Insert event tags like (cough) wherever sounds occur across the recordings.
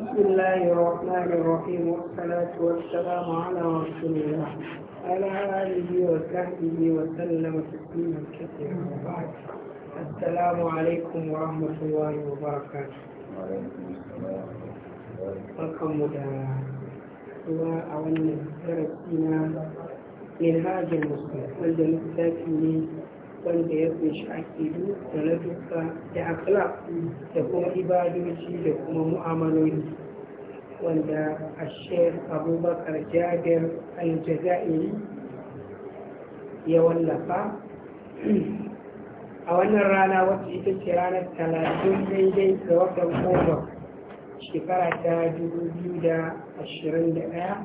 بسم الله الرحمن الرحيم والصلاة والسلام على رسول الله على آله وصحبه وسلم تسليما كثيرا وبعد السلام عليكم ورحمة الله وبركاته وعليكم السلام ورحمة الله أولا من هذا المسلم والجنة الثاني wanda ya kunshi akidu da na duka da akhlaq da kuma ibadoci da kuma mu'amaloli wanda a abubakar jabir aljazairi ya wallafa a wannan rana wacce ita ce ranar talatin daidai ga watan goma shekara ta dubu biyu da ashirin da ɗaya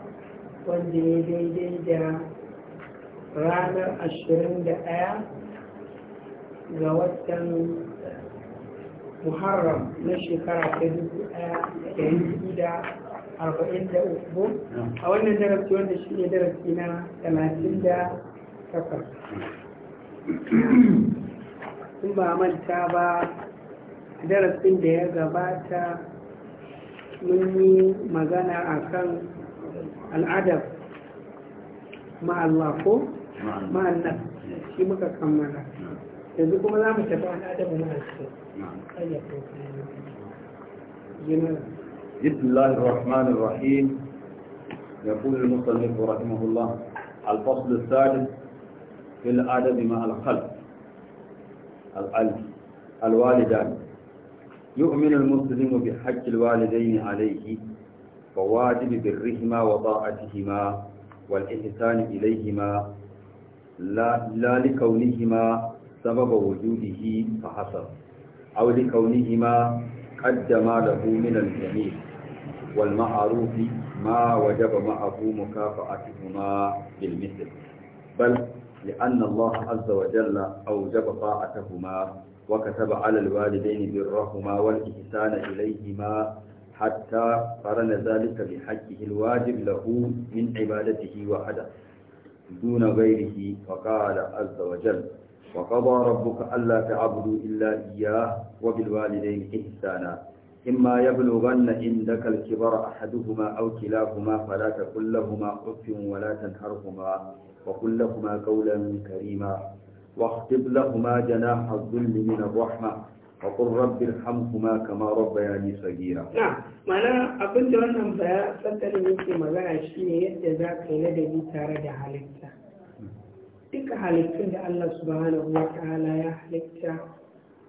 wanda ya daidai da ranar ashirin da ɗaya ga watan muharram na shekara ta dubu ɗaya da da arba'in da uku a wannan darasi wanda shi ne darasi na talatin da takwas in ba manta ba darasin da ya gabata mun yi magana a kan al'adab ma'allafo ma'annan shi muka kammala بسم الله الرحمن الرحيم يقول المصنف رحمه الله الفصل الثالث في الأدب مع الخلق الألف الوالدان يؤمن المسلم بحق الوالدين عليه وواجب برهما وطاعتهما والإحسان إليهما لا, لا لكونهما sababa wujudihi fa hasab aw li kaunihi ma qaddama lahu min al-jamil wal ma'ruf ma wajaba ma'ahu mukafa'atuhuma bil mithl bal لأن الله عز وجل أوجب طاعتهما وكتب على الوالدين برهما والإحسان إليهما حتى قرن ذلك بحقه الواجب له من عبادته وحده دون غيره فقال عز وجل وقضى ربك ألا تعبدوا إلا إياه وبالوالدين إحسانا إما يبلغن عندك الكبر أحدهما أو كلاهما فلا تقل لهما أف ولا تنهرهما وقل لهما قولا كريما واخطب لهما جناح الظلم من الرحمة وقل رب ارحمهما كما ربياني صغيرا نعم معنى أبدا أنهم بيا فترة مثل ما بقى شيء يدى ذاك لدى تارة حالتها duka halittun da Allah subhanahu wa ta'ala ya halitta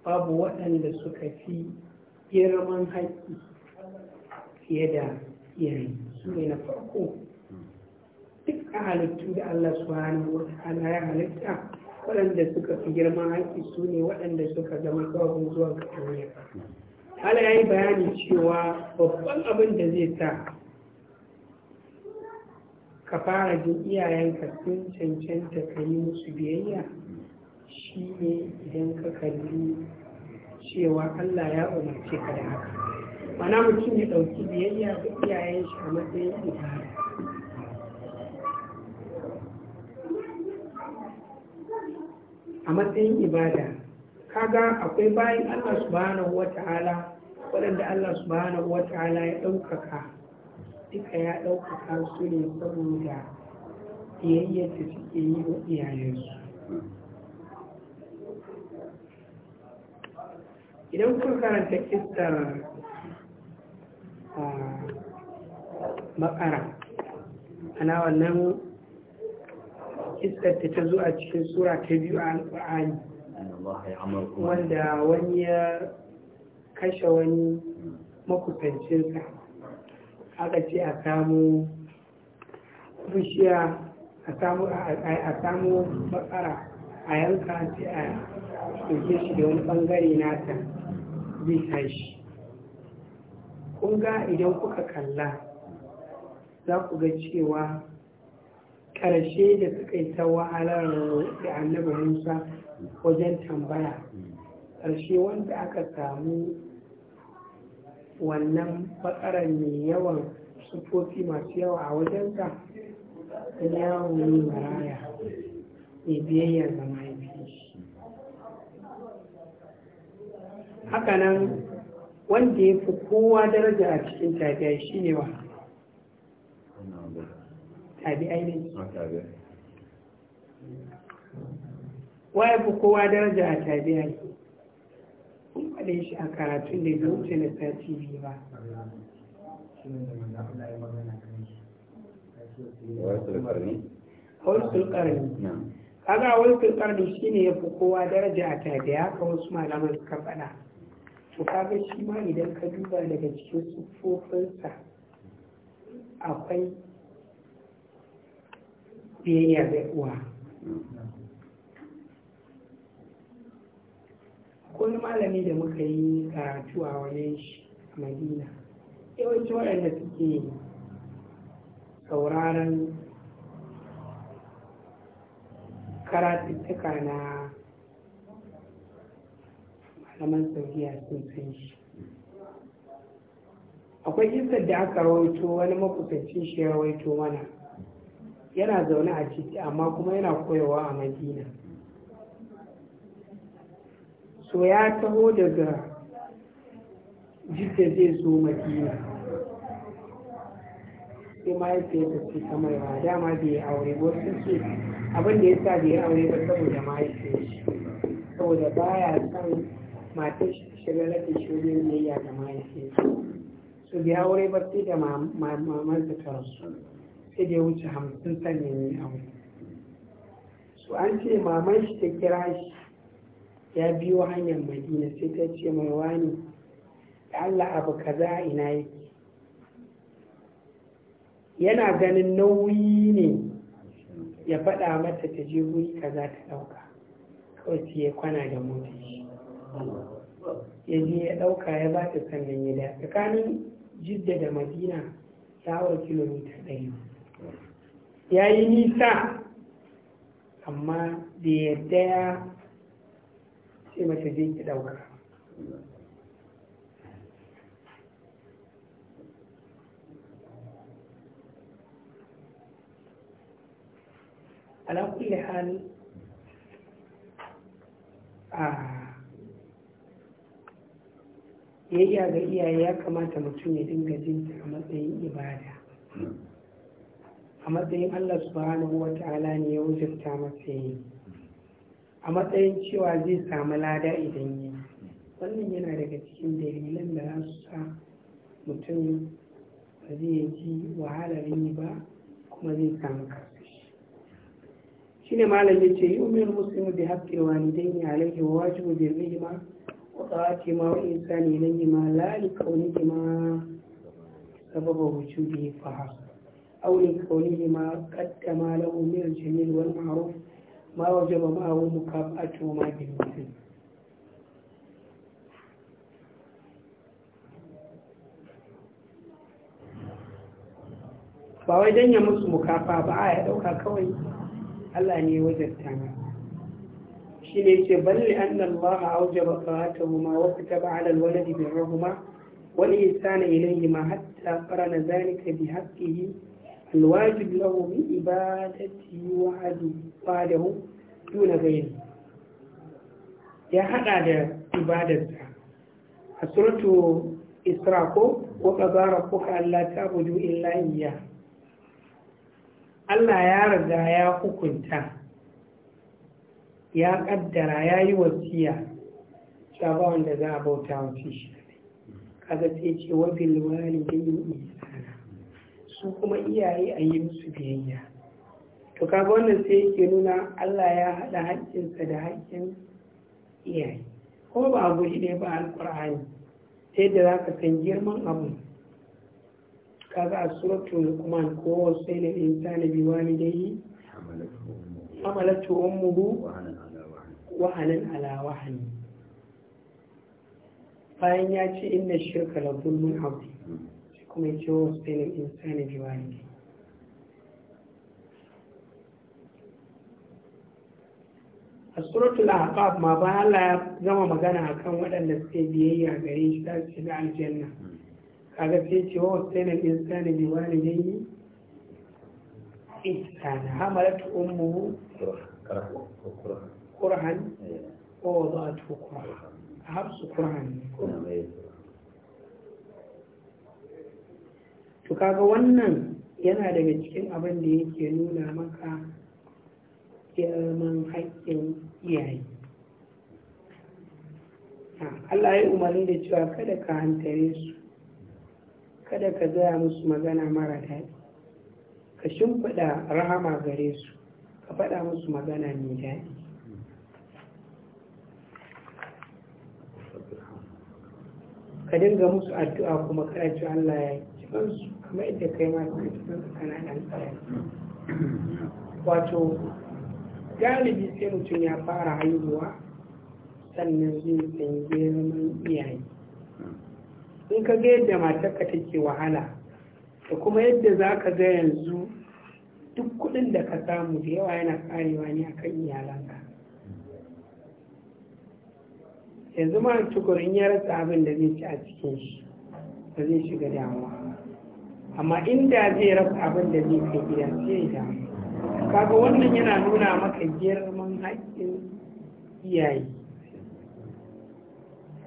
babu waɗanda suka fi girman haƙƙi fiye da iyaye su ne na farko Duka halittun halittu da Allah subhanahu wa ta'ala ya halitta waɗanda suka fi girman haƙƙi su ne waɗanda suka zama sababin zuwa ga duniya Allah ya yi bayani cewa babban abin da zai ta ka fara jin iyayenka sun cancanta ka yi musu biyayya shi ne idan ka kalli cewa allah ya umarce ka da haka mana mutum ya ɗauki biyayya ga iyayen shi a matsayin ibada a matsayin ibada kaga akwai bayan allah subhanahu wa waɗanda allah subhanahu wa ya ɗaukaka duka ya ɗaukaka su ne saboda yayyar da suke yi wa iyayensu idan kun karanta kistar makara ah, ana wannan kistar ta zo a cikin sura ta biyu a alƙur'ani wanda wani ya kashe wani makusancinsa aka ce a samu bishiya a samu matsara a yanka sai a ɗauke shi da wani ɓangare nata zai tashi kun ga idan kuka kalla za ku ga cewa ƙarshe da suka yi ta wahalar da annabi musa wajen tambaya ƙarshe wanda aka samu wannan bakaran mai yawan sufofi masu yawa a wajenka da yawon yi maraya mai biyayya ga mahaifin shi hakanan wanda ya fi kowa daraja a cikin tabiya shi ne wa tabi'ai ne wa ya fi kowa daraja a tabi'ai faɗe shi a karatun da bai wuce na sati biyu ba wasu karni kaga wasu karni shine ya fi kowa daraja a ya haka wasu malaman suka faɗa to kaga shi ma idan ka duba daga cikin siffofinsa akwai biyayya ga uwa wani malami da muka yi karatu a wani shi a madina yawanci waɗanda suke sauraron karatuttuka na malaman saudiya sun san shi akwai kisar da aka rawaito wani makusancin shi ya rawaito mana yana zaune a ciki amma kuma yana koyawa a madina to ya taho daga jidda zai zo madina sai mahaifiyarsa ce ta maiwa dama bai yi aure ba sun ce abin da ya sa bai yi aure ba saboda mahaifiyarsa saboda baya son matar shirya da shirin ne ya da mahaifiyarsa su bai aure ba sai da mamansa ta su, sai da ya wuce hamsin sannan ya aure su an ce mamar shi ta kira shi ya biyo hanyar madina sai ta ce mai wani da allah abu kaza a ina yake yana ganin nauyi ne ya faɗa mata ta je wuri kaza ta ɗauka kawai sai ya kwana da mota shi ya je ya ɗauka ya ba ta sannan ya da tsakanin jidda da madina yawon kilomita ɗari ya yi nisa amma da yadda ya sai mace je ki ala kulli hal a ga iyaye ya kamata mutum ya dinga jin a matsayin ibada a matsayin Allah subhanahu wa ta'ala ne ya wujurta masa yi a matsayin cewa zai samu lada idan yi wannan yana daga cikin dalilan da za su sa mutum ba zai ji wahalar yi ba kuma zai samu karfi shi ne malam ya ce yi umar musulmi da haƙƙin don yi alaihi wa wajibu ma ko tsawa ce ma wa insani nan yi ma lali kauni ma sababa ya fa Aure kauni ma kadda lahu min jami'ar wani ma waje ba ma'awo mukafatu ma bin mutum ba wai ya musu mukafa ba a ya ɗauka kawai Allah ne wajen tana shi ne ce balli an nan ba a auje ba kawata huma wasu ta ba alal wani bibin rahuma wani isana ilayhi ma hatta fara na zalika bi haƙƙihi الواجب له من عبادته وعده دون غيره يا ده عبادته سورة إسراء وقضى ربك تعبدوا إلا إياه Allah ya raga ya hukunta ya ƙaddara ya yi wasiya ba wanda za a bauta wa shi sai ce wa isa. su kuma iyaye a yi musu biyayya to kaga wannan sai yake nuna Allah ya haɗa haƙƙinsa da haƙƙin iyaye Ko ba a shi ne ba alƙur'ani ta yadda za ka san girman abu kaga a suratul luqman ko wasu ne insani bi walidayhi amalatu ummuhu wahanan ala wahani bayan ya ce inna shirka la zulmun abu Kuma kumejua speni insani viwangi a suratul ahqaf ma ba Allah ya zama magana akan waɗanda suke biyayya gare shi za su shiga aljanna kaga sai ce wa wasaina insani bi walidayhi ihsana hamalat ummuhu qurhan wa kurhan, a habsu kurhan ne to kaga wannan yana daga cikin abin da yake nuna maka girman haƙƙin iyaye Allah ya umarni da cewa kada ka hantare su kada ka gaya musu magana mara daɗi ka shimfiɗa rahama gare su ka faɗa musu magana mai daɗi ka dinga musu addu'a kuma kada ci Allah ya yi kansu kuma yadda kai ma su cikin kananan wato galibi sai mutum ya fara haihuwa sannan zai san girman iyaye in ka ga yadda matarka take wahala da kuma yadda za ka ga yanzu duk kudin da ka samu da yawa yana karewa ne akan iyalanka yanzu ma tukurin ya rasa abin da zai ci a cikin shi ba zai shiga damuwa amma inda zai rasa abin da zai kai gida sai da kaga wannan yana nuna maka girman haƙƙin iyaye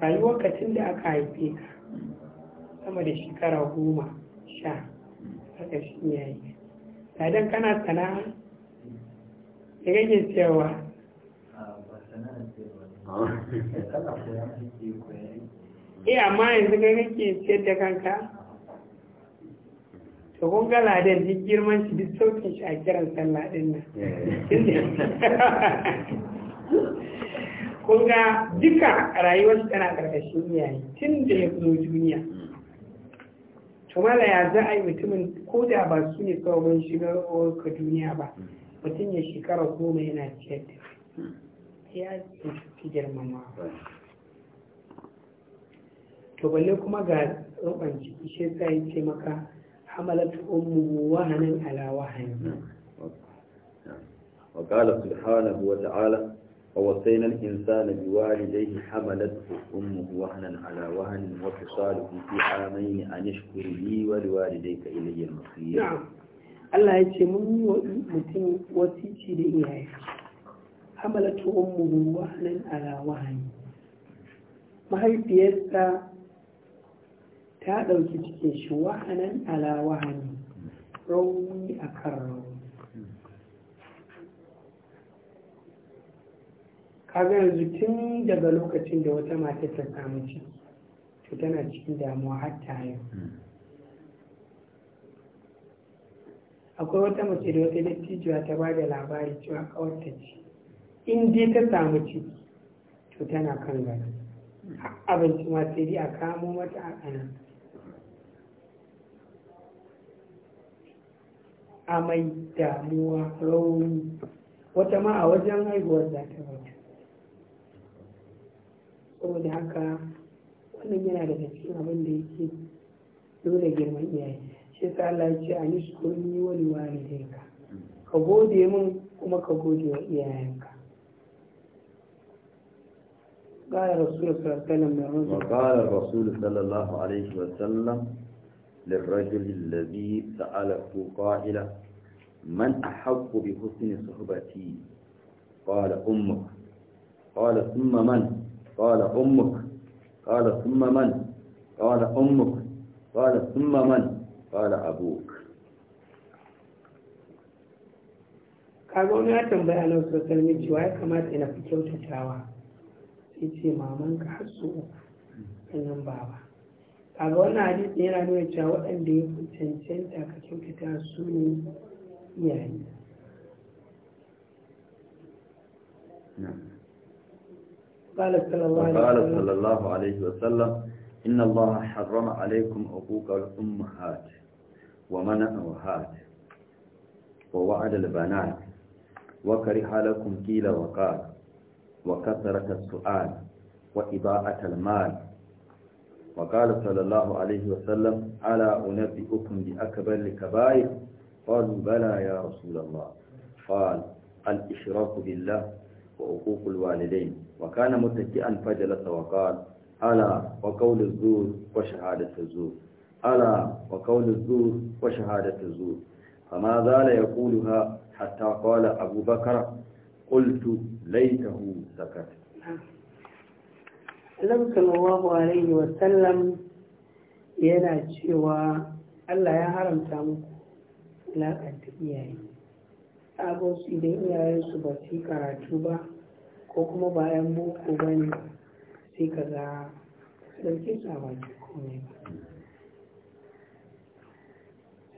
rayuwar ka tun da aka haife ka sama da shekara goma sha a ƙarshen iyaye sadan kana sana'a da kake cewa Eh amma yanzu ga kake ciyar da kanka to kun ga ladan duk girman shi duk saukin shi a kiran sallah din nan kun ga duka rayuwar tana karkashin iyaye tun da ya zo duniya to mala ya za a yi mutumin ko da ba su ne kawai shiga ka duniya ba mutum ya shekara goma yana ciyar da ya fi girmama to balle kuma ga rubanci shi sai ya ce maka حملت أمه وهنا على وهن وقال سبحانه وتعالى ووصينا الإنسان بوالديه حملته أمه وهنا على وهن وفصاله في عامين أن يشكر لي ولوالديك إلي المصير نعم الله يتمني ومتن وتيتي لإياه حملته أمه وهنا على وهن mahaifiyarsa ta ɗauki cikin shi wahanan ala wahani rauni a kan rauni kaga yanzu tun daga lokacin da wata mata ta samu ci, to tana cikin damuwa har ta yau akwai wata mace da wata dattijuwa ta ba da labari cewa kawarta ce in dai ta samu ci, to tana kan gani abinci ma sai dai a kamo mata a kanan amai damuwa rauni wata ma a wajen haihuwar za ta mutu saboda haka wannan yana daga cikin abin da yake dole girman iyaye shi sa Allah ya ce a wani wani liwalidayka ka gode min kuma ka gode wa iyayenka قال الرسول صلى الله عليه وسلم وقال الرسول صلى الله عليه وسلم للرجل الذي سأله قائلا من أحق بحسن صحبتي قال أمك قال ثم من قال أمك قال ثم من قال أمك قال ثم من قال أبوك kaga wani ya tambaya na sosai mai cewa ya kamata ina fi kyautatawa sai ce mamanka har su uku sannan baba a wannan hadisi yana nuna cewa waɗanda ya fi cancanta ka kyautata su ne iyaye قال صلى الله عليه وسلم قال صلى الله عليه وسلم إن الله حرم عليكم عقوق الأمهات ومنعوهات ووعد البنات وكره لكم قيل وقال وكثرة السؤال وإضاءة المال وقال صلى الله عليه وسلم ألا أنبئكم بأكبر الكبائر قالوا بلى يا رسول الله قال الإشراك بالله وعقوق الوالدين وكان متكئا فجلس وقال ألا وقول الزور وشهادة الزور ألا وقول الزور وشهادة الزور فما زال يقولها حتى قال أبو بكر قلت ليته سكت Allah sallallahu alaihi wa sallam yana cewa Allah ya haramta muku lakanta iyaye sabon su idan iyayensu ba su karatu ba ko kuma bayan boko ba ne sai ka ga ɗauke su a baki komai ba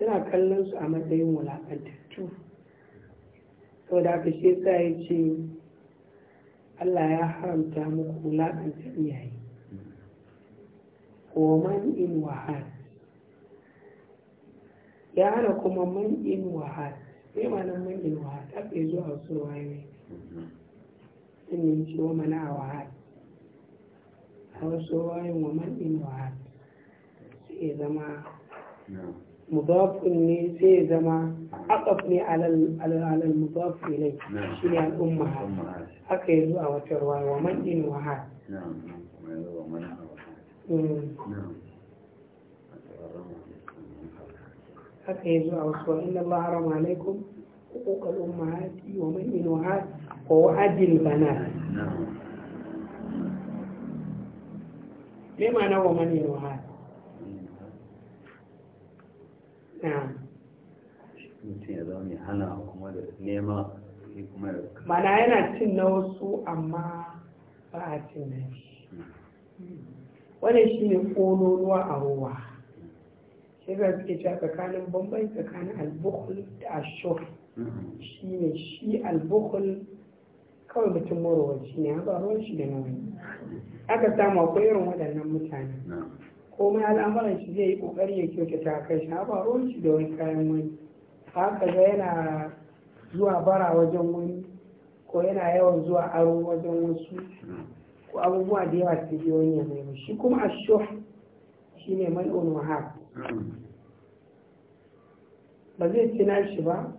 suna kallon su a matsayin wulaƙantattu saboda da aka shi ya ce Allah ya haramta muku wulaƙanta iyaye Ko man in wahal ya hana kuma man in wahal sai malam man in wahal ta fi zuwa wasu wayoyi sun yi ce wa mana a wahal a wasu wayoyin wa man in wahal sai zama mudaf ne sai zama aqaf ne alal alal mudaf ilai shine al umma haka yanzu a wata ruwa wa man din wa haka yanzu a wasu inna Allah alaikum ووعد البنات لما نوى من ينوهات mana yana cin na wasu amma ba a cin na shi wani shi ne ƙololuwa a ruwa shi ga suke cewa tsakanin bambanci tsakanin albukul da ashur shi ne shi albukul kawai mutum morowa shi ne ba ruwan shi da nawa aka samu akwai irin waɗannan mutane komai al'amuran shi zai yi kokari ya kyautata kai shi ba ruwan shi da wani kayan wani haka ga yana zuwa bara wajen wani ko yana yawan zuwa aro wajen wasu ko abubuwa da yawa su biyo wani ya shi kuma sho shi ne mal'un wahab ba zai ci nashi ba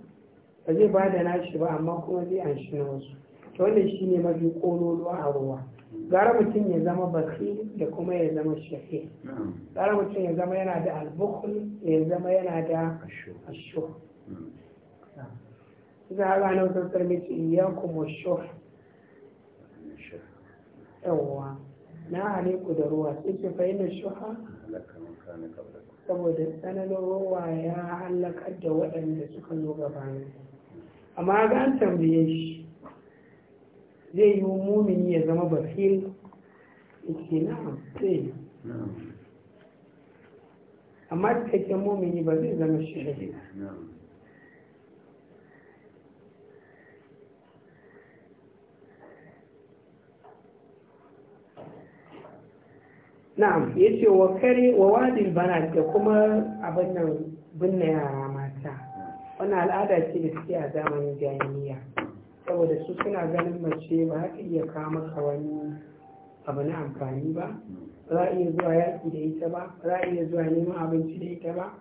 ba zai ba da nashi ba amma kuma zai an shi na wasu to wannan shine mafi kololuwa a ruwa gara mutum ya zama baki da kuma ya zama shafi gara mutum ya zama yana da albukul ya zama yana da asho hmm. za a gano sassar mace iya kuma sho yawwa na haliku da ruwa sai ce fa yana shuha saboda tsananin ruwa ya halakar da waɗanda suka zo gabanin amma ga an tambaye shi zai yi mumini ya zama bakhil yake na'am zai amma cikakken mumini ba zai zama shahidi na'am ya ce wa kare wa wadin bana da kuma abin nan binne yara mata wani al'ada ce da suke a zamanin jami'a saboda su suna ganin mace ba za iya kama wani abu na amfani ba ba za a iya zuwa yaƙi da ita ba ba za a iya zuwa neman abinci da ita ba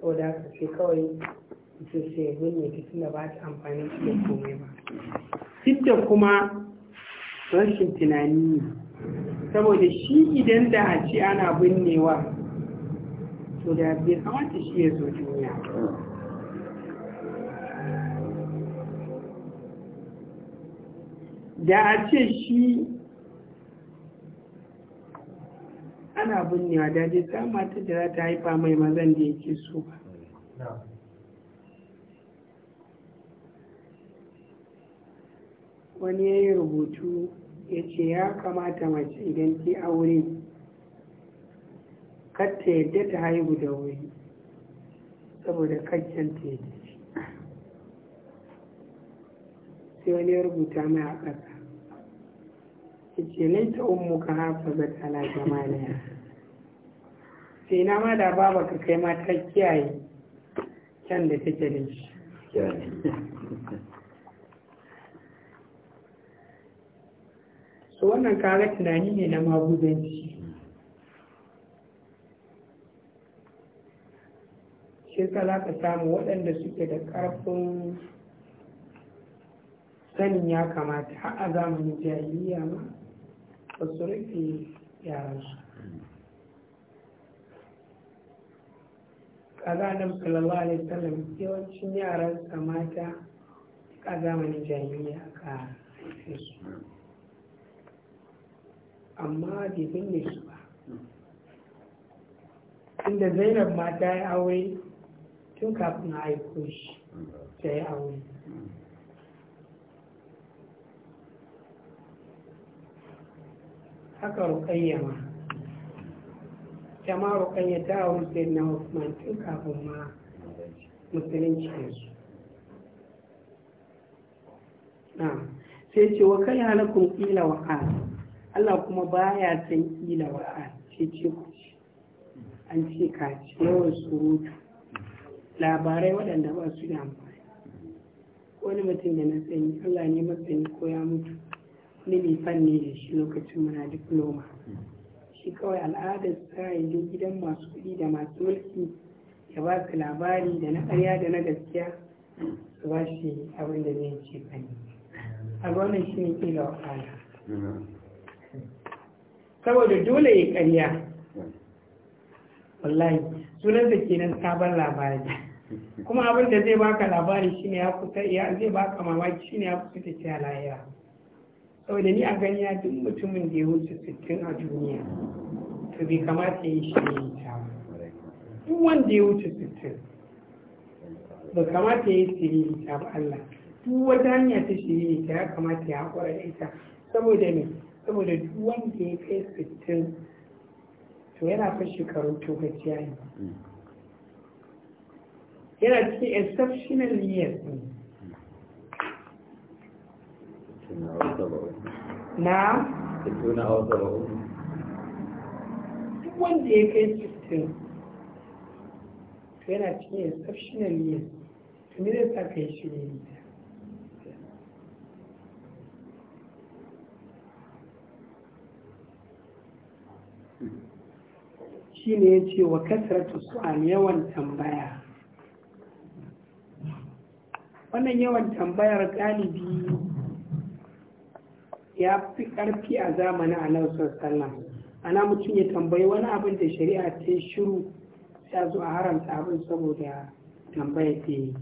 saboda haka sai kawai su sai ya ne ta ba ta amfani su da komai ba duk kuma rashin tunani saboda shi idan da a ce ana binnewa to da bai kamata shi ya zo duniya da a ce shi ana binnewa da sama ta da za ta haifa mai mazan da yake so ba wani ya yi rubutu ya ce ya kamata mace idan ta aure katta ta yadda ta haihu da wuri saboda kakken ta yadda sai wani ya rubuta mai a ƙasa ce laita ummuka hafazat ala jamaliha sai na ma da baba ka kai ma ta kiyaye can da take da shi so wannan kare tunani ne na maguzanci shi ka za ka samu waɗanda suke da ƙarfin sanin ya kamata a zamanin jahiliya ma ba su rufe yaransu kaga adam sallallahu alaihi yawancin yaransa mata ka zamanin jami'a ka haife su amma bai binne su ba inda zainab mata ya aure tun kafin a aiko shi ta yi aure haka ruƙayya ma jama ruƙayya ta hauri sai na hukumar tun kafin ma musulunci da su sai ce wa kai halakun ƙila wa Allah kuma ba ya san ƙila wa ce ce ku ce an ce ka ce yawan surutu labarai waɗanda ba su da amfani wani mutum da na sani Allah ne masani ko ya mutu ilimi fanni da shi lokacin muna diploma shi kawai al'adar sa ya je gidan masu kuɗi da masu mulki ya ba su labari da na ƙarya da na gaskiya su ba shi abin da zai ce fanni a wannan shi ne ƙila wakala saboda dole ya ƙarya wallahi sunansa kenan sabon labari kuma abin da zai baka labari shine ya kusa ya zai baka mamaki shine ya kusa ta lahira saboda ni a gani ya duk mutumin da ya wuce sittin a duniya to bai kamata ya yi shi ne ta duk wanda ya wuce sittin ba kamata ya yi shiri ta ba Allah duk wata hanya ta shiri ta ya kamata ya haƙura da ita saboda ne saboda duk wanda ya kai sittin to yana fa shekarun tokaciya ne yana cikin exceptional years ne na duk wanda ya kai sistin to yana cikin na miya to me zai sa kai shi ne shi ne ya ce wa kasaratu su'an yawan tambaya wannan yawan tambayar galibi ya fi ƙarfi a zamanin annabi sallah ana mutum ya tambayi wani abin da shari'a ta shiru sai zo a haramta abin saboda tambaya ta yi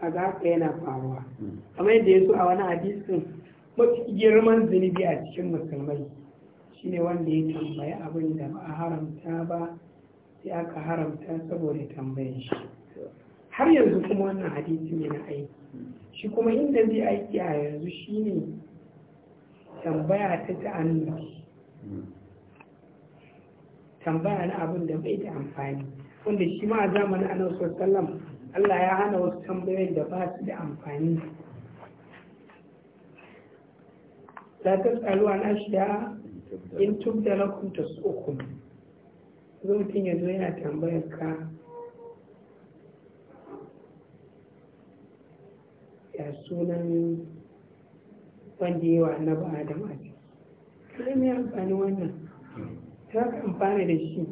ga haka yana faruwa kamar yadda ya zo a wani hadisin mafi girman zunubi a cikin musulmai shine wanda ya tambayi abin da ba a haramta ba sai aka haramta saboda tambayin shi har yanzu kuma wannan hadisin yana aiki shi kuma inda zai aiki a yanzu shi ne tambaya ta ta'annuci tambaya na abin da bai da amfani wanda shi ma a zamanin annabi sallam Allah ya hana wasu tambayoyin da ba su da amfani ta la tasalu an ashiya in tubda su uku, zo mutum ya zo yana tambayar ka da sunan wanda yi wa annabi adam a ciki sai mai amfani wannan ta ka amfana da shi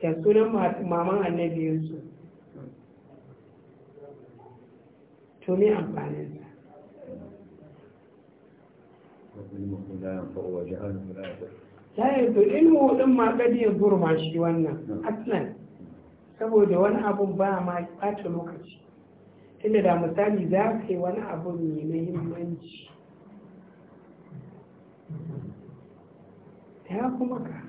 da sunan maman annabi yanzu to mai amfanin da la yanzu ilmu din ma kadi ya zurma shi wannan aslan saboda wani abu ba ma ɓata lokaci tunda da misali za ka yi wani abu mai muhimmanci ya kuma ka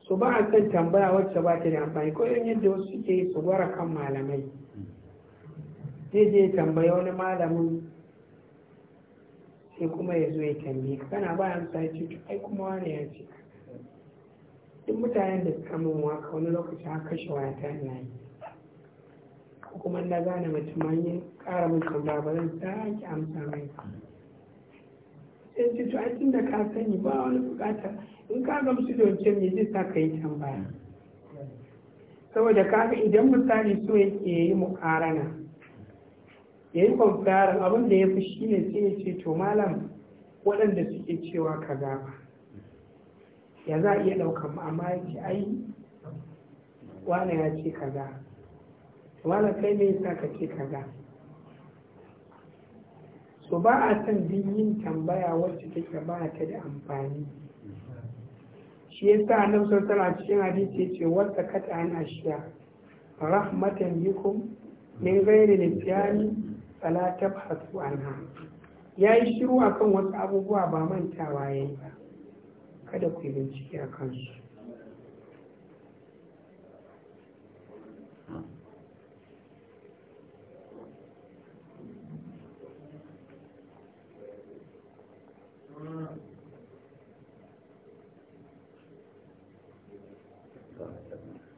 su ba a kan tambaya wacce ba ta da amfani ko yin yadda wasu suke yi su gwara kan malamai zai je tambaya wani malamin sai kuma ya zo ya tambaye kana ba a ya ai kuma wani ya ce duk mutanen da suka min waka wani lokaci har kashe waya ta ina yi ko kuma na gane mace ma yin ƙara mai ba zan sake amsa mai sai ce an tunda ka sani ba wani bukata in ka gamsu da wancan me zai sa ka yi tambaya saboda kaga idan misali so yake yi mu mukarana ya yi kwamfarin abin da ya fi shi ne sai ya ce to malam waɗanda suke cewa ka gaba ya za a iya ɗaukar mu amma ya ce ai wane ya ce kaza wane kai mai yasa ka ce kaza so ba a son din yin tambaya wacce take ba ta da amfani shi yasa annabi sallallahu alaihi cikin hadisi ce wata kata ana shiya rahmatan yikum min ghairi nisyani fala tabhasu anha yayi shiru a kan wasu abubuwa ba mantawa yayi ba kada ku yi bincike a kansu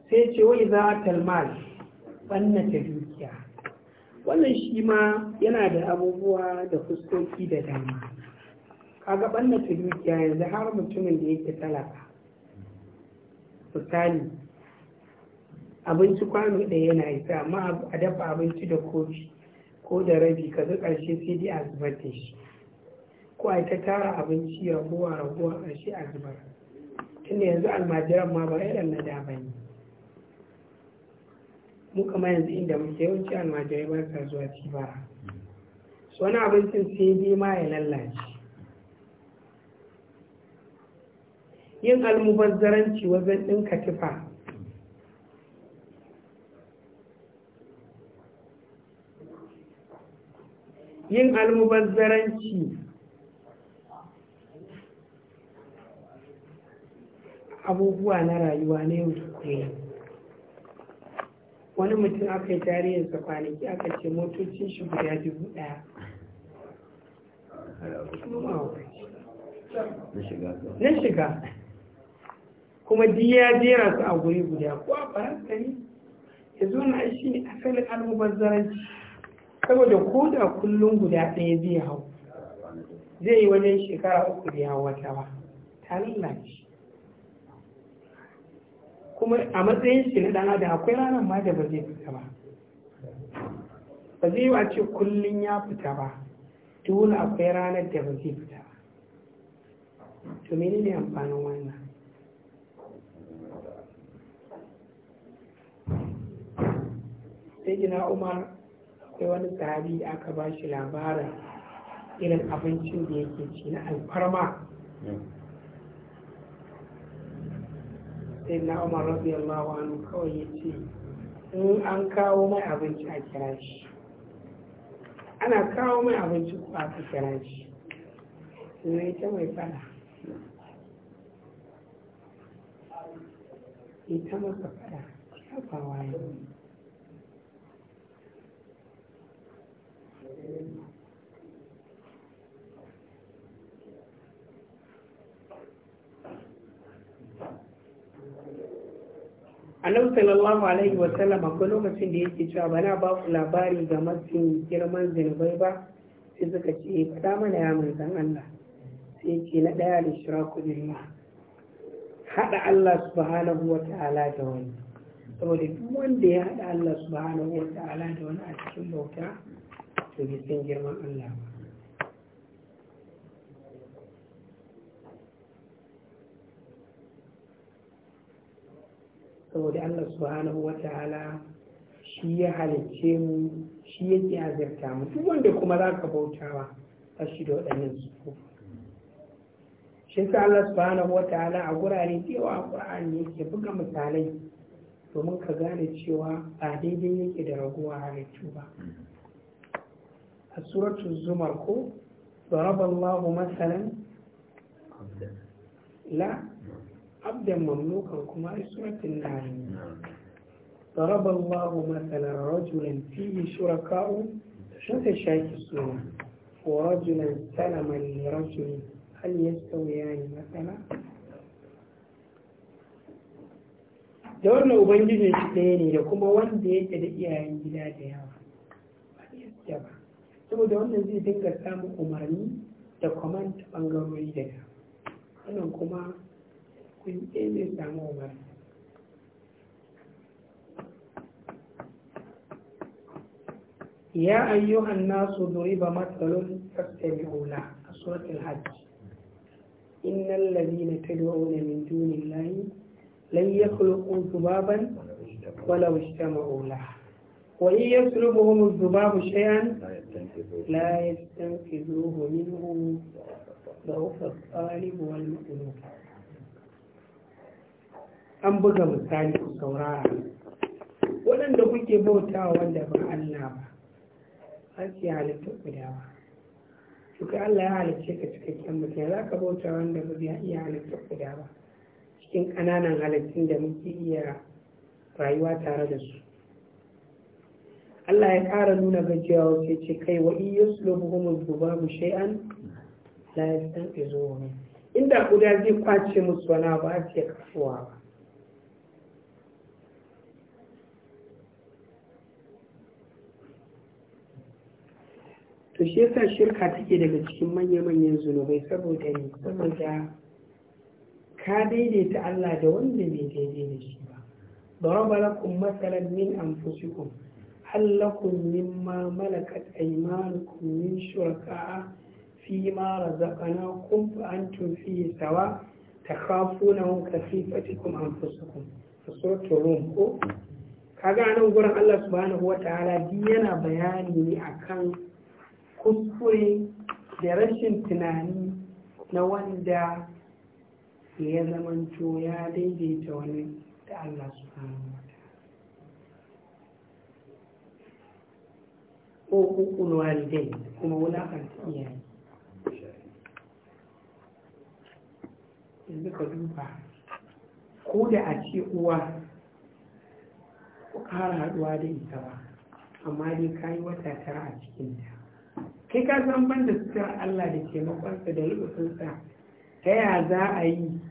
sai ce wai za a talmal ɓannata dukiya wannan shi ma yana da abubuwa da fuskoki da dama kaga ɓallata dukiya yanzu har mutumin da yake talaka misali abinci kwano ɗaya yana isa amma a dafa abinci da kofi ko da rabi ka zo ƙarshe sai dai a zubar da shi ko a ta tara abinci raguwa raguwa ƙarshe a zubar tunda yanzu almajiran ma ba irin na da ba ne mu kama yanzu inda muke yawanci almajirai ba sa zuwa tibara wani abincin sai dai ma ya lallace yin almubazzaranci wajen ɗinka tufa yin almubazzaranci abubuwa na rayuwa na yau da wani mutum aka yi tarihinsa kwanaki aka ce motocin shi guda dubu ɗaya na shiga kuma diya ya jera su a guri guda ko a faransa ne ya zo na shi ne asalin almubazzaranci saboda ko da kullum guda ɗaya zai hau zai yi wajen shekara uku da hau wata ba ta lalace kuma a matsayin shi na ɗan adam akwai ranar ma da ba zai fita ba ba zai yi ce kullum ya fita ba dole akwai ranar da ba zai fita ba to menene amfanin wannan sayyidina umar akwai wani sahabi aka ba shi labarin irin abincin da yake ci na alfarma sayyidina umar radiyallahu anhu kawai ya ce in an kawo mai abinci a kira shi ana kawo mai abinci ko aka kira shi sai ta mai fada ita masa fada shafawa ne annabi sallallahu alaihi wa sallam akwai lokacin da yake cewa bana ba ku labari ga masu girman zinubai ba sai suka ce faɗa mana ya manzan Allah sai ce na ɗaya da shira billah haɗa Allah subhanahu wa ta'ala da wani saboda duk wanda ya haɗa Allah subhanahu wa ta'ala da wani a cikin bauta to girman Allah ba saboda Allah subhanahu wa ta'ala shi ya halicce mu shi yake azurta mu duk wanda kuma za ka bautawa a shi da waɗannan ku shi sa Allah subhanahu wa ta'ala a gurare da yawa Qur'ani yake buga misalai domin ka gane cewa ba daidai yake da raguwa halittu ba سورة الزمر كو ضرب الله مثلا عبدا لا عبدا مملوكا كما هي سورة النعيم نعم. ضرب الله مثلا رجلا فيه شركاء شو شنو شايف السورة ورجلا سلما لرجل هل يستويان مثلا دورنا wannan ubangijin shi ɗaya ne da kuma wanda yake da saboda wannan zai dinga samun umarni da command bangarori da ya wannan kuma kun ɗaya mai samu umarni ya Hannu ayyuhan nasu duriba matsalon tattali hula a suratul hajj innan na ta duwa min duni layi lan ya khuluqu zubaban walau ishtama ula وإن يسلبهم الذباب شيئا لا يستنقذوه منه ضعف الطالب والمطلوب an buga misali ku saurara waɗanda kuke bautawa wanda ba Allah ba an ce halitta guda ba to kai Allah ya halicce ka cikakken mutum za ka bauta wanda ba zai iya halitta guda ba cikin ƙananan halittun da muke iya rayuwa tare da su Allah ya ƙara nuna gajiyawa ke ce kai wa iya iyus lobuhumun zubabu shay'an la izo wani. inda guda zai kwace musu wani ba a ce kasuwa ba to shi yasa shirka take daga cikin manya-manyan zunubai saboda ne saboda ka daidaita Allah da wanda bai daidai da shi ba ضرب لكم matsalar min amfusikun هل لكم مما ملكت أيمانكم من شركاء فيما رزقناكم فأنتم فيه سواء تخافونهم كخيفتكم أنفسكم فسورة الروم kaga anan gurin Allah subhanahu wa ta'ala duk yana bayani ne akan kuskure da rashin tunani na wanda ya zamanto ya daidaita wani da Allah subhanahu ko kukun walidai kuma wulakanta iyaye yanzu ka duba ko da a ce uwa ko ƙara haɗuwa da ita ba amma dai ka yi wata tara a cikinta kai ka san ban da tara Allah da taimakonsa da rubutunsa ta ya za a yi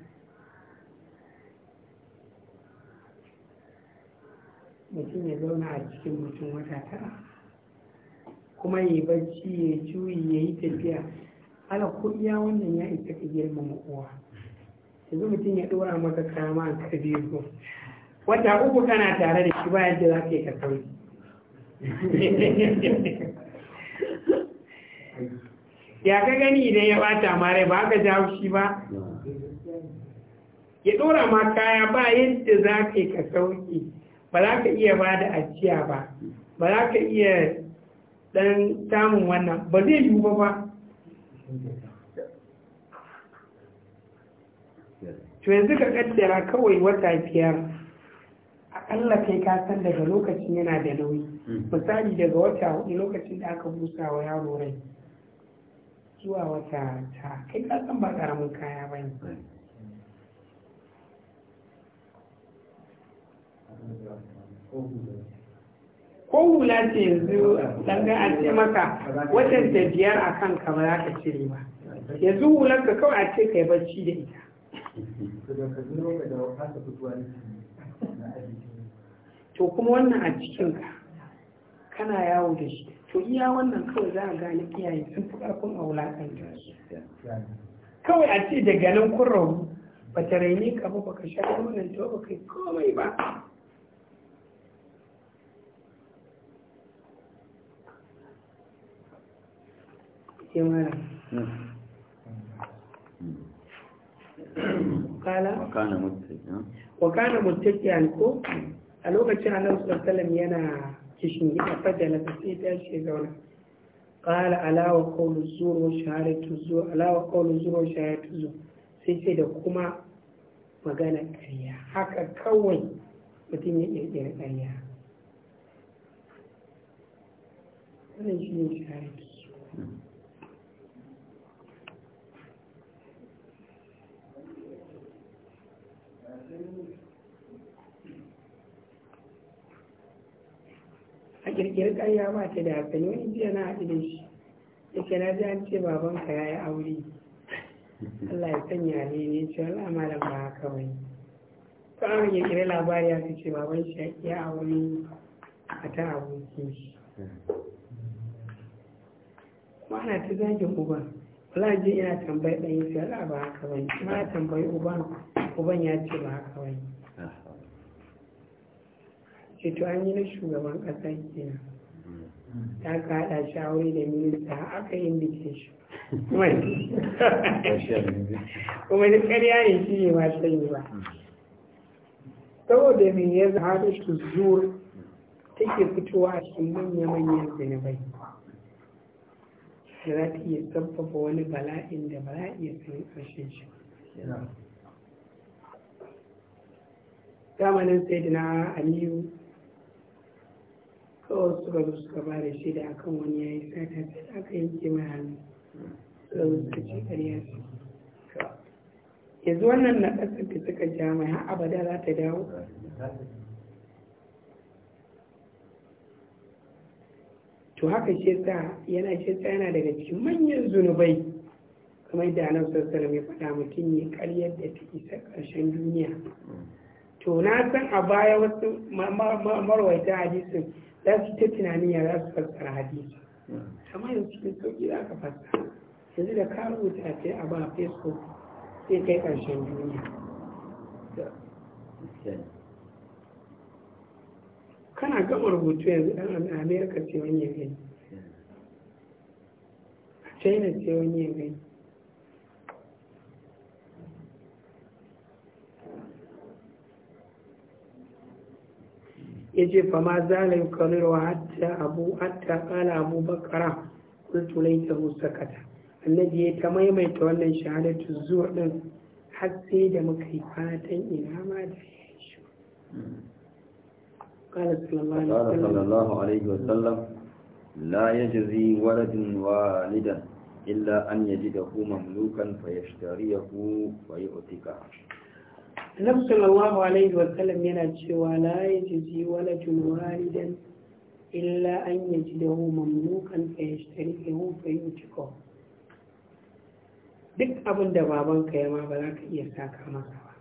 mutum ya zauna a cikin mutum wata tara kuma yi bacci ya juyi ya yi tafiya ala ko iya wannan ya isa ka girmama uwa yanzu mutum ya ɗora maka kama a kabiru wata uku kana tare da shi ba yadda za ka yi ka sauri (laughs) ya ka gani idan ya bata mare ba ka jawo shi ba ya ɗora ma kaya ba yadda za ka yi ka sauki ba za ka iya ba da ajiya ba ba za ka iya dan samun wannan ba zai yi ba ba to yanzu ka kaddara kawai wata biyar akalla kai ka san daga lokacin yana da nauyi hmm. misali daga wata hudu lokacin da aka busa wa yaro rai zuwa wata ta kai ka san ba karamin kaya ba ne Thank hmm. ko wula ce yanzu danga a ce maka watan da biyar a kan ka ba za ka cire ba yanzu hular ka kawai a ce yi bacci da ita to kuma wannan a cikin ka kana yawo da shi to iya wannan kawai za a gane iyaye sun fi ƙarfin a wulaƙanta kawai a ce daga nan kurrawa ba ta raine ka ba ka sha wannan to ba kai komai ba wakana wakana muttakiyan ko a lokacin annabi sallallahu alaihi wasallam yana kishin gida na sai ta ce zauna qala ala wa qawlu zur wa shahadatu zur ala wa qawlu zur wa shahadatu zur sai ce da kuma magana kariya haka kawai mutum ya ƙirƙiri ƙarya wannan shi ne shahadatu a kirkiri ƙarya ba ta da hankali wani jiya na haɗu da shi ke na ji an ce babanka ya yi aure Allah ya sanya ne ne ce wani malam ba haka wani to an kira labari ya ce baban shi ya aure a ta abokin shi kuma ana ta zagin uban wala je ina tambayi ɗan yi ce wala ba haka wani kuma ya tambayi uban uban ya ce ba haka wani ce an yi na shugaban ƙasa kenan ta kaɗa haɗa shawari da minista aka yi invitation kuma da ƙarya ne shi ne ma sanyi ba saboda mai ya zaharu su zuwa take fitowa a cikin manya-manyan zinabai da za ta iya sabbaba wani bala'in da ba za a iya shi zamanin sai na aliyu kawai suka zo suka ba da shaida akan wani ya yi sata sai aka yanke mai hannu suka zo suka ce ƙarya su yanzu wannan na ƙasar da suka ja mai har abada za ta dawo to haka shi yasa yana shi yana daga cikin manyan zunubai kamar da nan sassan mai faɗa mutum ya karyar da ta isa ƙarshen duniya to na san a baya wasu marwaita hadisin za su ta tunani ya za su fassara hadisi amma yanzu cikin sauƙi za ka fassara yanzu da ka rubuta ce a ba facebook sai kai ƙarshen duniya kana gama rubutu yanzu ɗan amerika ce wani ya a china ce wani ya ya ce fa ma za la yukarriru hatta abu hatta kala abu bakara kultu laita hu sakata annabi ya ta maimaita wannan shahadatu zuwa din har sai da muka yi fatan ina ma da ya shi kala sallallahu alaihi wa sallam la yajri waladin walidan illa an yajidahu mamlukan fayashtariyahu fayu'tika annabi sallallahu alaihi wa sallam yana cewa la yajzi wala dan illa an yajidahu mamlukan fa yashtarihu fa yutiko duk abin da babanka ya ma ba za ka iya saka masa ba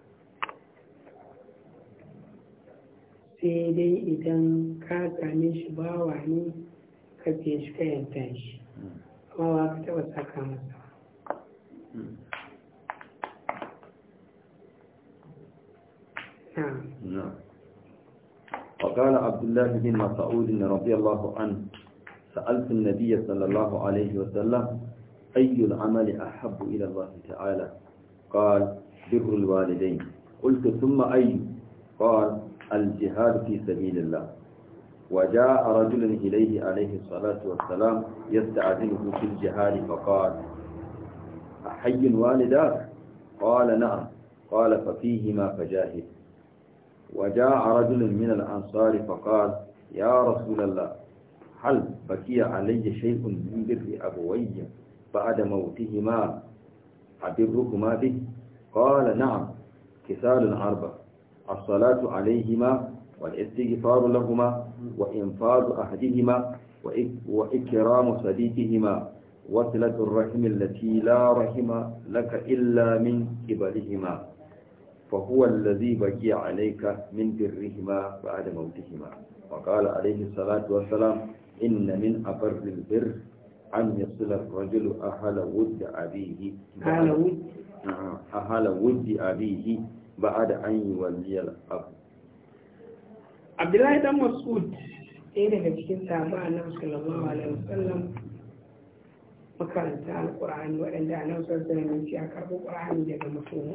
sai dai idan ka same shi bawa ne ka fiye shi ka yanta shi amma ba ka taɓa saka masa ba hmm. نعم. نعم وقال عبد الله بن مسعود رضي الله عنه سألت النبي صلى الله عليه وسلم أي العمل أحب إلى الله تعالى قال بر الوالدين قلت ثم أي قال الجهاد في سبيل الله وجاء رجل إليه عليه الصلاة والسلام يستعذنه في الجهاد فقال أحي والداك قال نعم قال ففيهما فجاهد وجاء رجل من الأنصار فقال يا رسول الله هل بكي علي شيء من بر أبوي بعد موتهما أبركما به قال نعم كسال أربع الصلاة عليهما والاستغفار لهما وإنفاذ أهدهما وإكرام صديقهما وصلة الرحم التي لا رحم لك إلا من قبلهما فهو الذي بقي عليك من برهما بعد موتهما وقال عليه الصلاة والسلام إن من أبر البر أن يصل الرجل أهل ود أبيه أهل ود أهل ود أبيه بعد أن يولي الأب عبد الله بن مسعود ɗaya daga cikin sabu annabi sallallahu alaihi wasallam makaranta alƙur'ani waɗanda annabi sallallahu alaihi wasallam ya ƙur'ani daga mutum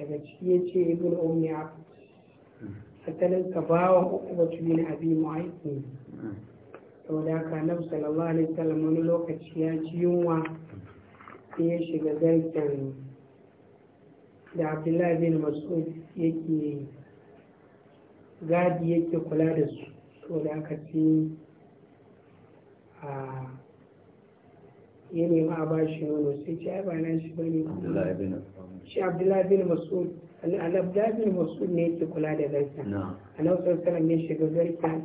daga ciki ya ce ya ummi a asalin ka wa uku bin abi mu'ayyid saboda haka annabi sallallahu alaihi wasallam wani lokaci ya ci yunwa sai ya shiga zarkin da abdullahi bin mas'ud yake gadi yake kula da su da haka sai ya nema a bashi nono sai ci ai ba na shi bane shi abdullahi bin mas'ud al'abdullahi bin mas'ud ne yake kula da zarta a nan sun sanar ne shiga zarta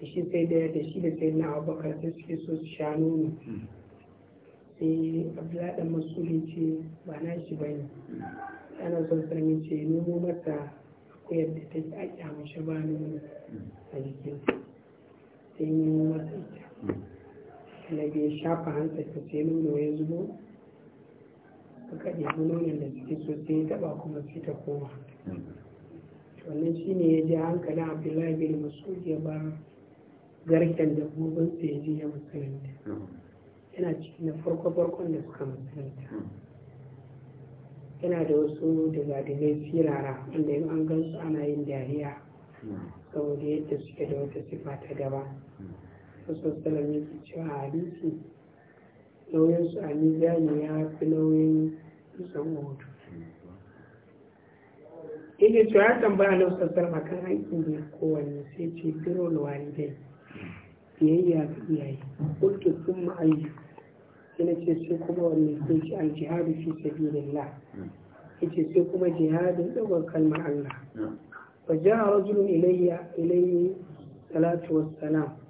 da shi sai da da shi da sai na abubakar sai suke so su sha nono hmm. sai abdullahi dan mas'ud ya ce ba na shi ba ne ana son sanar ne ce nemo masa akwai da ta yi ake hamishe ba nono a jikin sai nemo masa ita hmm. na ya shafa hansa ta sai nuna ya zubo suka ɗebi nonon da suke so sai ya taɓa kuma sai ta koma wannan shi ne ya ji hankalin abdullahi bin masud ya bar garken da gobin sa ya je ya musulunta yana ciki na farko-farkon da suka musulunta yana da wasu daga-dagai sirara wanda yin an gansu ana yin dariya saboda yadda suke da wata sifa ta gaba wasu salami ke cewa hadisi su a mizani ya fi nauyin dutsen hoto. inda cewa ya tambaya na sassar akan aikin da kowane sai ce biro da walidai biyayya ga iyaye kulki sun ma'ayyu yana ce sai kuma wanne sai ce an jihadu fi ya ce sai kuma jihadin ɗaukar kalmar Allah wajen a rajulun ilayya ilayya salatu salam.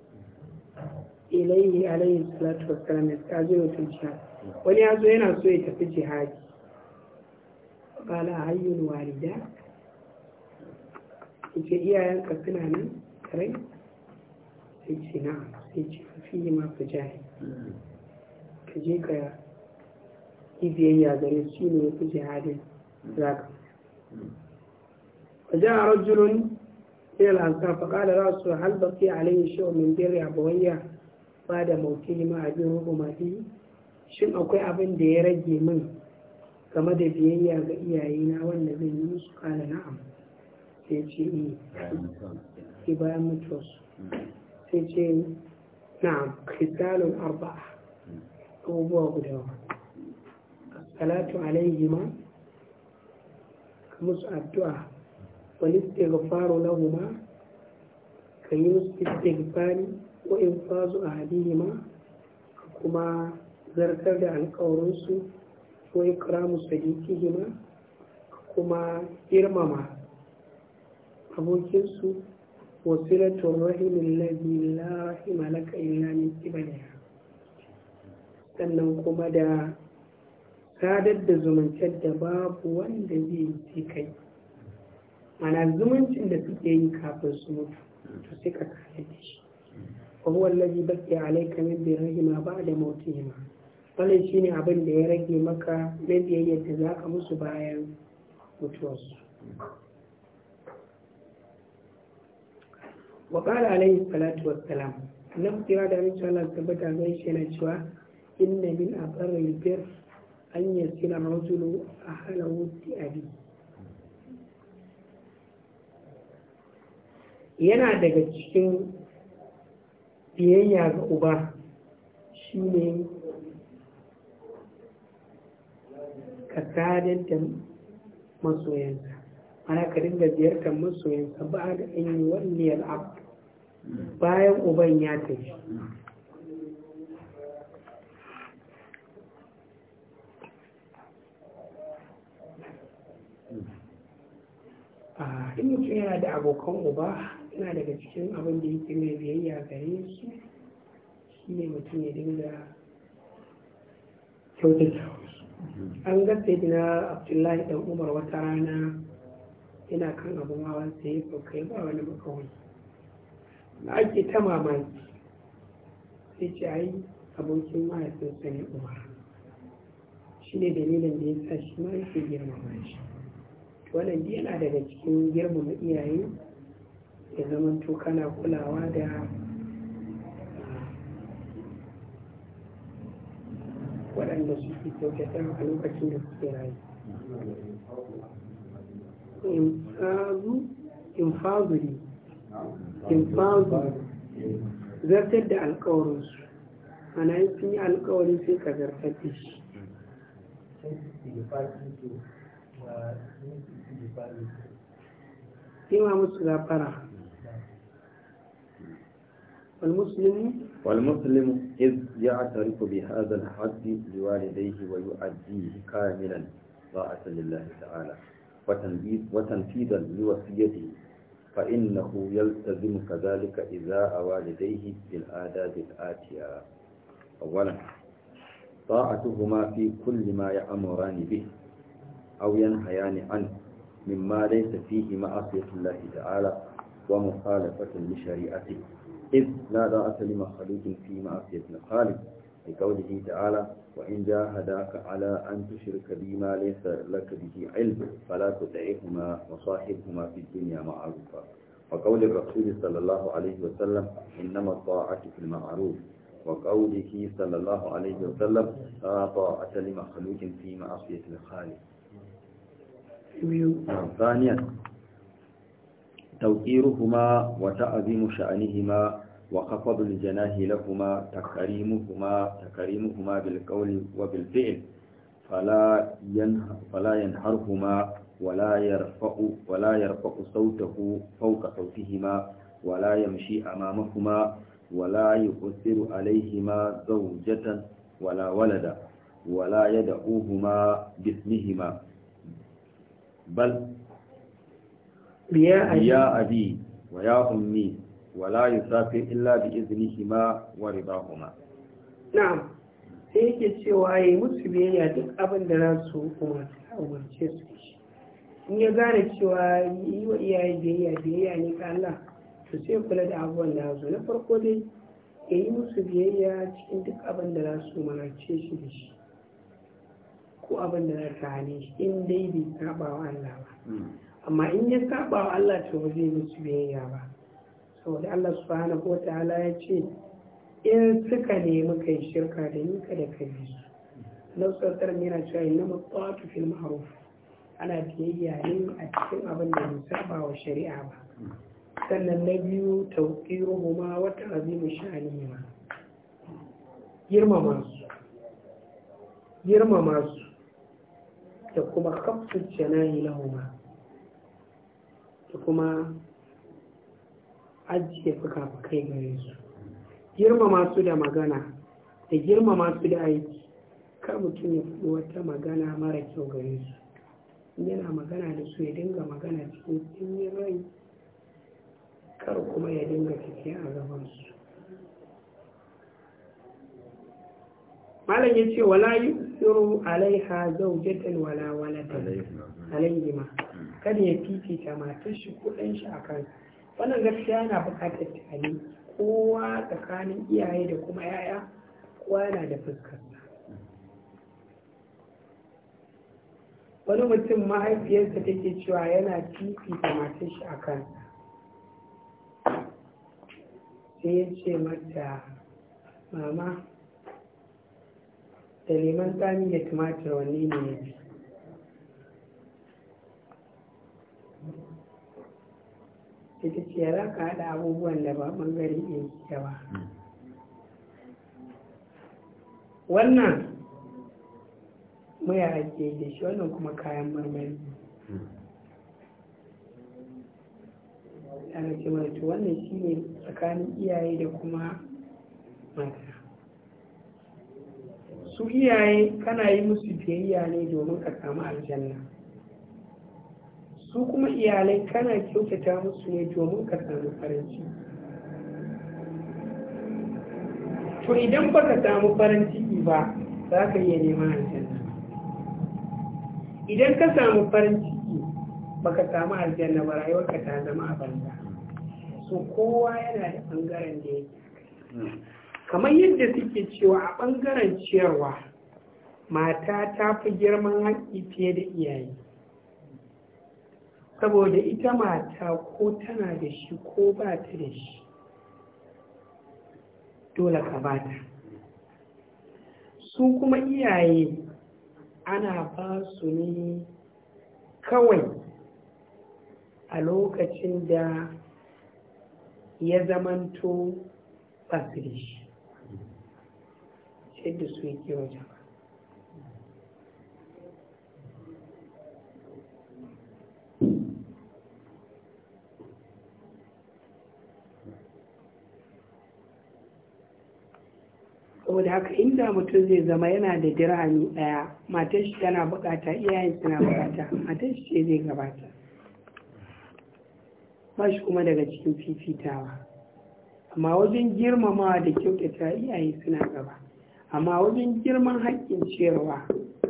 إليه عليه الصلاة والسلام يستأذن في الجهاد ولهذا هنا سويت في الجهاد قال أعي والداك إجي إيا كتنا من تري إجي نعم إجي فيه ما تجاهد كجيك يا إذي إيا دريسين في جهاد ذاك وجاء رجل إلى الأنصار فقال رأسه هل بقي عليه شيء من دير أبويه ba da mauki ma abin rubu shin akwai abin da ya rage min game da biyayya ga iyayena wanda zan yi musu kala na'am sai ce ni eh. sai bayan mutuwarsu sai ce na kristalin arba'a abubuwa guda salatu alaihi ma musu addu'a wani na lahuma ka yi musu istighfari ko in fazu a ka kuma zartar da alkawarinsu ko ikramu ka kuma girmama abokinsu wasilatun rahimin lazi la rahima laka illa min ibaniya sannan kuma da sadar da zumuncin da babu wanda zai yi kai mana zumuncin da suke yi kafin su mutu to sai ka kare da shi وهو الذي بقي عليك من برهما بعد موتهما wannan shine abin da ya rage maka na biyayyar da za ka musu bayan mutuwarsu wa ƙara alayhi salatu wassalam annabi kira da amince Allah tabbata ga shi yana cewa inna min aqarril bir an yasila a ahlahu bi abi yana daga cikin biyayya ga uba shi ne ka sadanta masoyansa ana ka dinga ziyartar masoyansa ba da an yi wani bayan uban ya tafi ah, in mutum yana da abokan uba suna daga cikin abin da yake mai biyayya gare su shi ne mutum ya dinga kyautata wasu an ga na abdullahi dan umar wata rana yana kan abin hawa sai ya sauka ya ba wani makawai na ake ta mamaki sai ce ai abokin mahaifin sani umar shi ne dalilin da ya sa shi ma yake girmama shi wannan yana daga cikin girmama iyaye ya zamanto kana kulawa da ah, waɗanda suke kyautata a lokacin da suke rayu infazuri infazuri zartar da alkawarinsu ana yi sun yi alkawarin sai ka zartar da shi ma musu gafara المسلم والمسلم إذ يعترف بهذا الحد لوالديه ويؤديه كاملا طاعة لله تعالى وتنفيذا لوصيته فإنه يلتزم كذلك إذاء والديه بالآداب الآتية أولا طاعتهما في كل ما يأمران به أو ينهيان عنه مما ليس فيه معصية الله تعالى ومخالفة لشريعته إذ لا لما خليك في معصية الخالق لقوله تعالى وإن جاهداك على أن تشرك بما ليس لك به علم فلا تطعهما وصاحبهما في الدنيا معروفا وقول الرسول صلى الله عليه وسلم إنما الطاعة في المعروف وقوله صلى الله عليه وسلم لا طاعة لمخلوق في معصية الخالق نعم، ثانيا توقيرهما وتعظيم شأنهما waƙa fabre da jana'ila kuma ta karimu kuma wa bilbil falayyan har kuma falayyar fa'u sautaku sauƙa sautin ma falayyan shi a mama kuma falayyar ku siro alaihi ma zau jatan walawala da falayya da hu bismihi ma bal biya a biya a biyi waya kun wala yusafir illa bi iznihima wa na'am sai yake cewa ya yi musu biyayya duk abin da za su umarci umarce su in ya gane cewa yi wa iyaye biyayya biyayya ne ga Allah to sai kula da abubuwan da zo na farko dai ya yi musu biyayya cikin duk abin da za su umarce shi da shi ko abin da za su hane shi in dai bai saba wa Allah ba amma in ya saba wa Allah to ba zai musu biyayya ba saboda Allah subhanahu wa ta'ala ya ce in suka nemi kai shirka da ni kada ka kai su Allah sallallahu yana cewa na matatu fil ma'ruf ana biyayya ne a cikin abin da bai saba wa shari'a ba sannan na biyu wata wa ta'zimu sha'anihima girmama su girmama su da kuma kafsu janahi lahuma da kuma ajiye fuka-fukai gare su girmama su da magana da girmama su da aiki kar mutum ya fi wata magana mara kyau gare su yana magana da su ya dinga magana cikin sanyin rai kar kuma ya dinga tafiya a gabansu malam ya ce wala yi tsiru alaiha zaujatan wala walatan alaihima kada ya fifita matar shi ko a kansu wannan gaskiya yana buƙatar tunani kowa tsakanin iyaye da kuma yaya kowa yana da fuskar wani mutum mahaifiyarsa take cewa yana fifita matar shi a kansa sai ya ce mata mama da neman tsami da tumatir wanne ne ya fi ita ce za ka haɗa abubuwan da ba ɓangare ne suke ba wannan mai ake da shi wannan kuma kayan marmari ana ce mana ce wannan shi ne tsakanin iyaye da kuma mata su iyaye kana yi musu biyayya ne domin ka samu aljanna su kuma iyalai kana kyautata musu ne domin ka samu faranci to idan baka samu farin ciki ba za ka iya neman aljanna idan ka samu farin ciki baka samu aljanna ba ka ta zama a banza so kowa yana da bangaren da yake kamar yadda suke cewa a bangaren ciyarwa mata ta fi girman haƙƙi fiye da iyaye saboda ita mata ko tana da shi ko ba ta da shi dole ka ba ta su kuma iyaye ana ba su ne kawai a lokacin da ya zamanto ba su da shi sai da su yake wajen saboda haka inda mutum zai zama yana da dirhami ɗaya matan shi tana bukata iyayen suna bukata matan shi ce zai gabata ba shi kuma daga cikin fifitawa amma wajen girmamawa da kyautata iyaye suna gaba amma wajen girman haƙƙin ciyarwa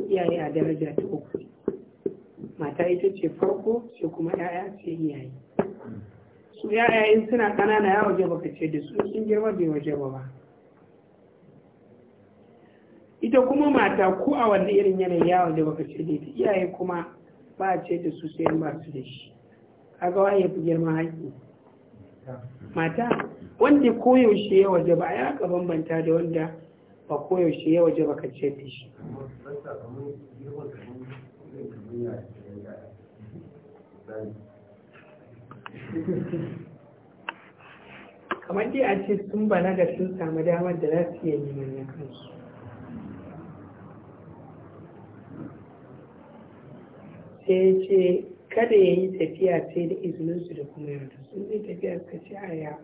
iyaye a daraja ta uku mata ita ce farko sai kuma 'ya'ya ce iyaye su 'ya'ya in suna ƙanana ya waje baka ce da su sun girma bai waje ba ita kuma mata ko a wanda irin yanayi yawon da baka ce da ita iyaye kuma ba a ce da su sai ba su da shi kaga wa ya fi girma haƙƙi mata wanda koyaushe ya waje ba ya ka bambanta da wanda ba koyaushe ya waje ba ka ce da shi kamar dai a ce sun bana da sun samu damar da za su iya neman na kansu sai ya ce kada ya yi tafiya sai da su da kuma yarda sun yi tafiya suka ce a ya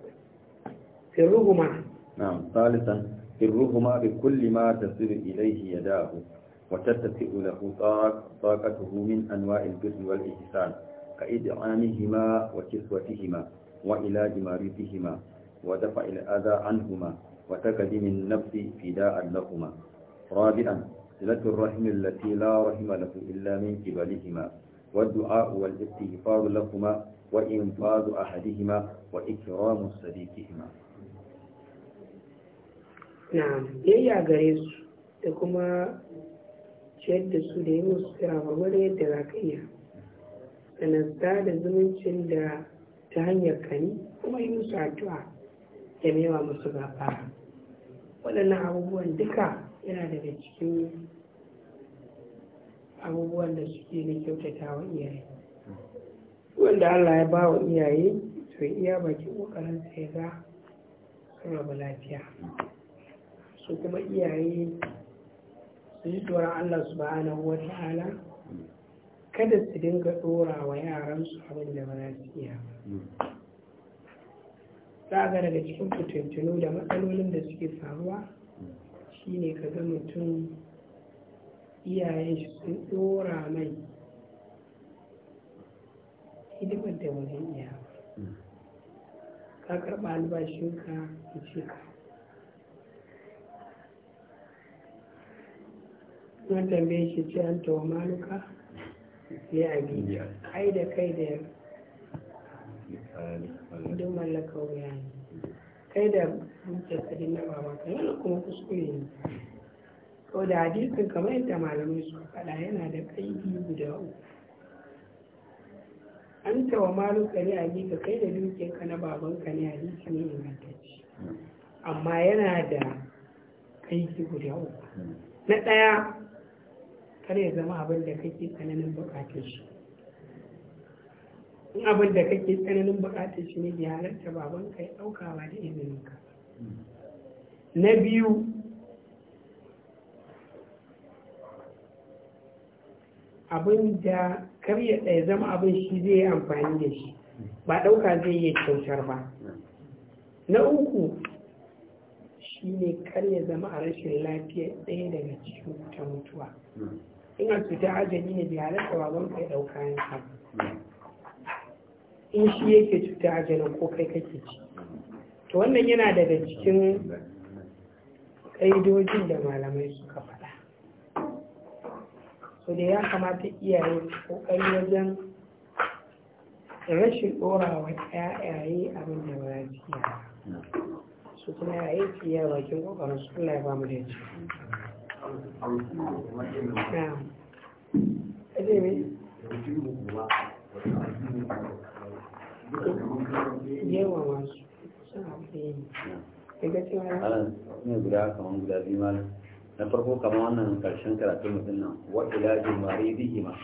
firruhuma na'am salisan firruhuma bi kulli ma tasiru ilaihi yadahu wa tattasi'u lahu taqatuhu min anwa'il birri wal ihsan ka id'anihima wa kiswatihima wa ilaji maridihima wa dafa'il adha anhuma wa taqdimin nafsi fida lahuma rabi'an صلة الرحم التي لا رحم له إلا من قبلهما والدعاء والاستغفار لهما وإنفاذ أحدهما وإكرام صديقهما نعم يا غريس تكما ciyar da su da yi musu kira da yadda za ka iya sanasta da zumuncin da ta hanyar kani kuma yi musu addu'a da mewa musu gafara waɗannan abubuwan duka yana daga cikin abubuwan da suke na kyautata wa iyaye wanda allah ya ba wa iyaye to iya bakin kokarin ya ga sun raba lafiya su kuma iyaye su ji tsoron allah subhanahu wa ta'ala kada su dinga ɗora wa yaransu abin da ba su iya za a gara daga cikin fitintunu da matsalolin da suke faruwa shine ka ga mutum iyayen shi sun ɗora mai hidimar da wani iya ka karɓa albashinka ka ce ka wani bai shi ce an tawa maluka ya abi ai da kai da duk mallaka wuya ne kai da wancan kudin na babanka yana kuma kuskure ne ko da hadisin kamar yadda malamai suka faɗa yana da ƙaibi guda uku an tawa maluka ne a kai da dukiyarka na babanka ne hadisi ne ingantacce amma yana da ƙaibi guda uku na ɗaya kar ya zama abin da kake tsananin buƙatar shi in abin da kake tsananin buƙatar shi ne ya halarta babanka ya ɗauka ba da ka. na biyu abin da karya ɗaya zama abin shi zai yi amfani da shi ba ɗauka zai yi kyautar ba na uku shi ne karya zama a rashin lafiya ɗaya daga cikin ta mutuwa ina cuta ajali ne bai halatta ba kai ɗauka yanka in shi yake cuta ajalin ko kai kake ci to wannan yana daga cikin ƙa'idojin da malamai suka faɗa so da ya kamata iyaye su ƙoƙari wajen rashin ɗorawa ƴaƴaye abin da ba su iya su kuma yaye su iya bakin ƙoƙarin su Allah ya ba mu da ci yawa masu ne guda kamar guda biyu malam na farko kamar wannan karshen karatun mutum nan wa ilajin maridi ma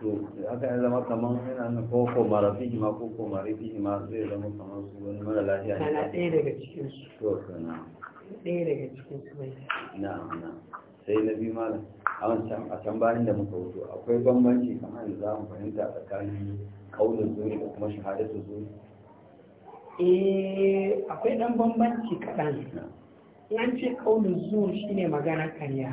to aka yi zama kamar yana na koko marafi ma koko maridi ma zai zama kamar su wani mara lafiya ne kana ɗaya daga cikin su to kana ɗaya daga cikin su mai na na sai na biyu malam a can bayan da muka wuto akwai bambanci kamar da za mu fahimta tsakanin kaunin zuri da kuma shahadatu zuri eh akwai ɗan bambanci kaɗan an ce ƙaunin zuwa ne magana karya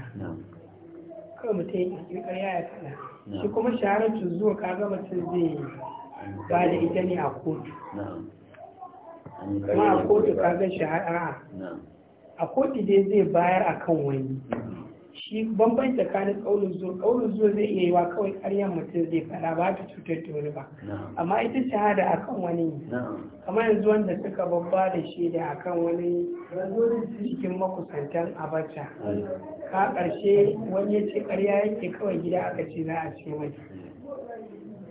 kawai mutum ya karya ya faɗa shi kuma shahararci zuwa ga mutum zai ba da ita ne a kotu kuma a kotu k'a kaga shahara a kotu dai zai bayar akan wani mm-hmm. shi bambanci tsakanin ƙaunin zuwa ƙaunin zuwa zai iya yiwa kawai ƙaryar mutum zai fara ba ta cutar da wani ba amma ita shahada a kan wani kamar yanzu wanda suka babba da shaida a kan wani cikin makusantan abacha ka ƙarshe wani ya ce ƙarya yake kawai gida aka ce za a ce mai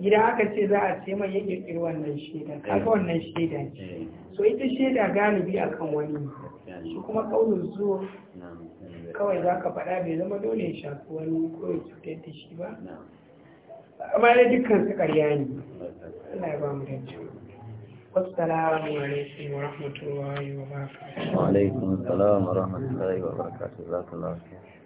gida aka ce za a ce mai ya ƙirƙiri wannan shaida kaga wannan shaida ce eh. so ita shaida galibi a kan wani shi kuma ƙaunin zuwa kawai za ka faɗa bai zama dole ya shafi wani ko cutar da shi ba amma na dukkan su ƙarya ne ba mu da ciwo alaikum wa rahmatullahi wa barakatuh wa alaikum salam wa